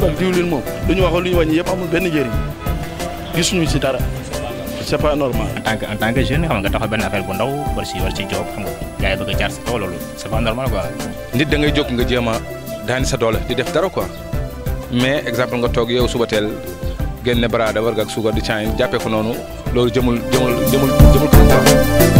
ceeb ak diwlin moom lu ñu waxoon lu ñu wàññi yëpp amul benn njëriñ gisuñu ci dara c'est pas normal. en tant que en tant que jeune xam nga taxaw benn affaire bu ndaw war ci war ci job xam nga gars a jaar sa kaw loolu c'est pas normal quoi. da ngay jóg nga jéem a sa doole di def dara quoi mais exemple nga toog yow suba teel génne baraada warga ak suukar di caa jàppee ko noonu loolu jëmul jëmul jëmul jëmul kanam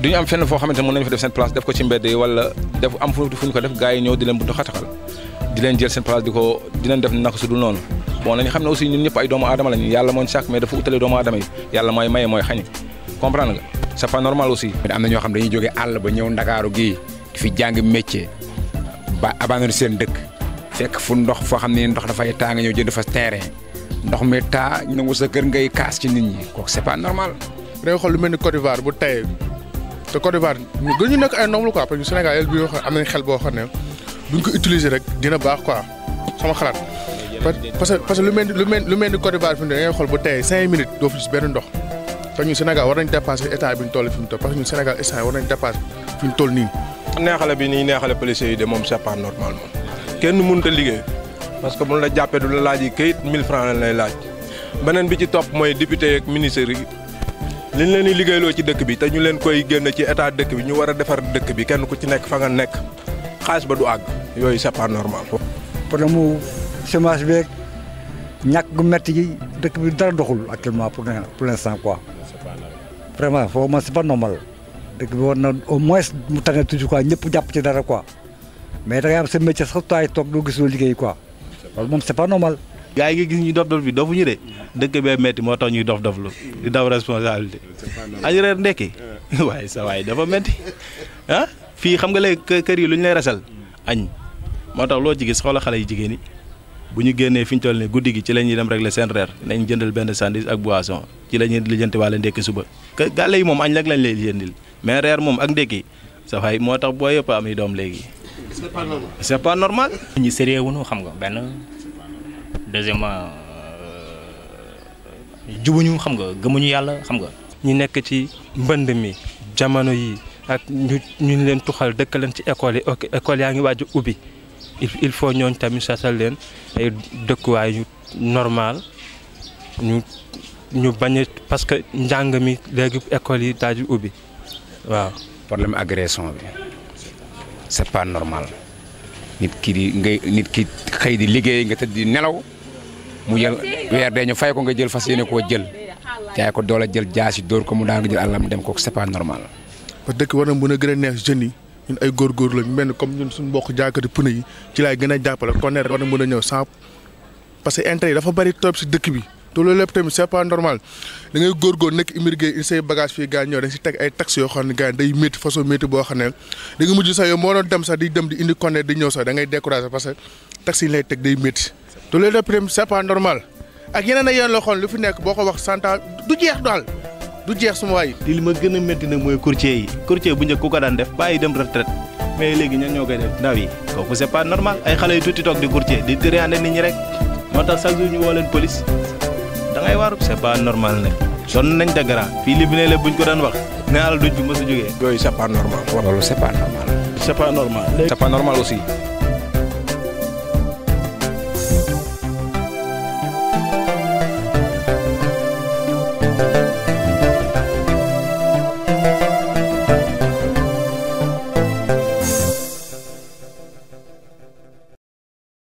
du ñu am fenn foo xamante ne mën nañu fa def seen place def ko ci mbedd yi wala def am fu ñu ko def gars yi ñëw di leen buntu xataxal di leen jël seen place di ko di leen naka su dul noonu bon nañu xam ne aussi ñun ñëpp ay doomu aadama lañu yàlla mooy sàkk mais dafa utale doomu aadama yi yàlla mooy maye mooy xañ comprendre nga c'est pas normal aussi. am na ñoo xam dañuy jógee àll ba ñëw ndakaaru gii fi jàng métier ba abandonné seen dëkk fekk fu ndox foo xam ne ndox dafay taa nga ñëw jënd fa terrain ndox mi taa nangu sa kër ngay kaas ci nit ñi kooku c'est pas normal. da ngay xool lu mel ni Le Côte d'Ivoire ñu nekk quoi parce que Sénégal bi am nañ xel utiliser quoi parce que parce que lu lu Côte fi minutes doo fi Sénégal war nañ que Sénégal état war nañ dépasser fi toll nii. neexale policier yi de pas normal kenn parce que la du la francs député li leen di liggéeyloo ci dëkk bi te ñu leen koy génn ci état dëkk bi ñu war a defar dëkk bi kenn ko ci nekk fa nga nekk xaalis ba du àgg yooyu c'est pas normal. problème mu chômage beeg ñàkk gu métti gi dëkk bi dara doxul actuellement pour pour l'instant quoi. vraiment foofu man c'est pas normal dëkk bi war na au moins mu tane toujours quoi ñëpp jàpp ci dara quoi mais dangay am sa métier sax taay toog doo gis loo liggéey quoi loolu moom c'est normal. gaa yi nga gis ñuy dof dof bi dofuñu de dëkk bee metti moo tax ñuy dof dof lu di daw responsabilité añ reer ndekki waaye sa dafa metti ah, fii xam nga léegi kër yi lu ñu lay rasal añ moo tax loo ci gis xoola xale yi jigéen yi bu ñu génnee fi ñu toll nii guddi gi ci la ñuy dem régler seen reer nañ jëndal benn sandwich ak boisson ci la ñuy lijjanti walla ndekki suba gàlle yi moom añ rek lañ lay jëndil mais reer moom ak ndekki sa waay moo tax boo yëpp am doom léegi c'est pas normal ñu sérieux wuñu xam nga benn Euh, jubu ñu xam nga gëmuñu yàlla xam nga. ñu nekk ci mbënd mi jamono yi ak ñu ñu leen tuxal dëkk leen ci école yi ok école yaa ngi waaj ubbi il faut ñooñ tamit sasal leen ay dëkkuwaay yu normal ñu bañ parce que njàng mi léegi école yi daaju ubbi waaw. problème agression bi c'est pas normal nit ki di ngay nit ki xëy di liggéey nga tëdd di nelaw. mu yel wer de ñu fay ko nga jël fasiyene ko jël jaay ko doole jël jaasi ko mu jël alam dem ko c'est pas normal. ba dëkk war na gëna neex ñun ay gor lañ mel comme ñun suñu bokk jaakati pune yi ci laay gën a jàppale tonnerre war na mën ñëw sans parce que intérêt dafa bari top ci dekk bi te lo lepp tamit c'est pas normal da ngay gor nek immigré in say bagage fi gaañ ñëw dañ si teg ay taxi yo xam gaay day metti façon metti bo xam da nga mujj sa yo mo do dem sa di dem di indi koner di ñëw sa da ngay décourager parce que taxi lay tek day metti tous le réprimes c'est pas normal ak yeneen ak yeneen loo xam lu fi nekk boo ko wax santa du jeex daal du jeex suma waay li ma gën a métti nag mooy courtier yi courtier bu njëkk ku ko daan def bàyyi dem retraite mais léegi ñan ñoo koy def ndaw yi kooku c'est pas normal ay xale yu tuuti toog di courtier di tëriande nit ñi rek moo tax chaque jour ñu woo leen police da ngay waaru c'est pas normal nag sonn nañ de grand fii li bi ne la buñ ko daan wax nee la duñ ci mës a jógee yooyu c'est pas normal wala c'est pas normal c'est pas normal c'est pas normal aussi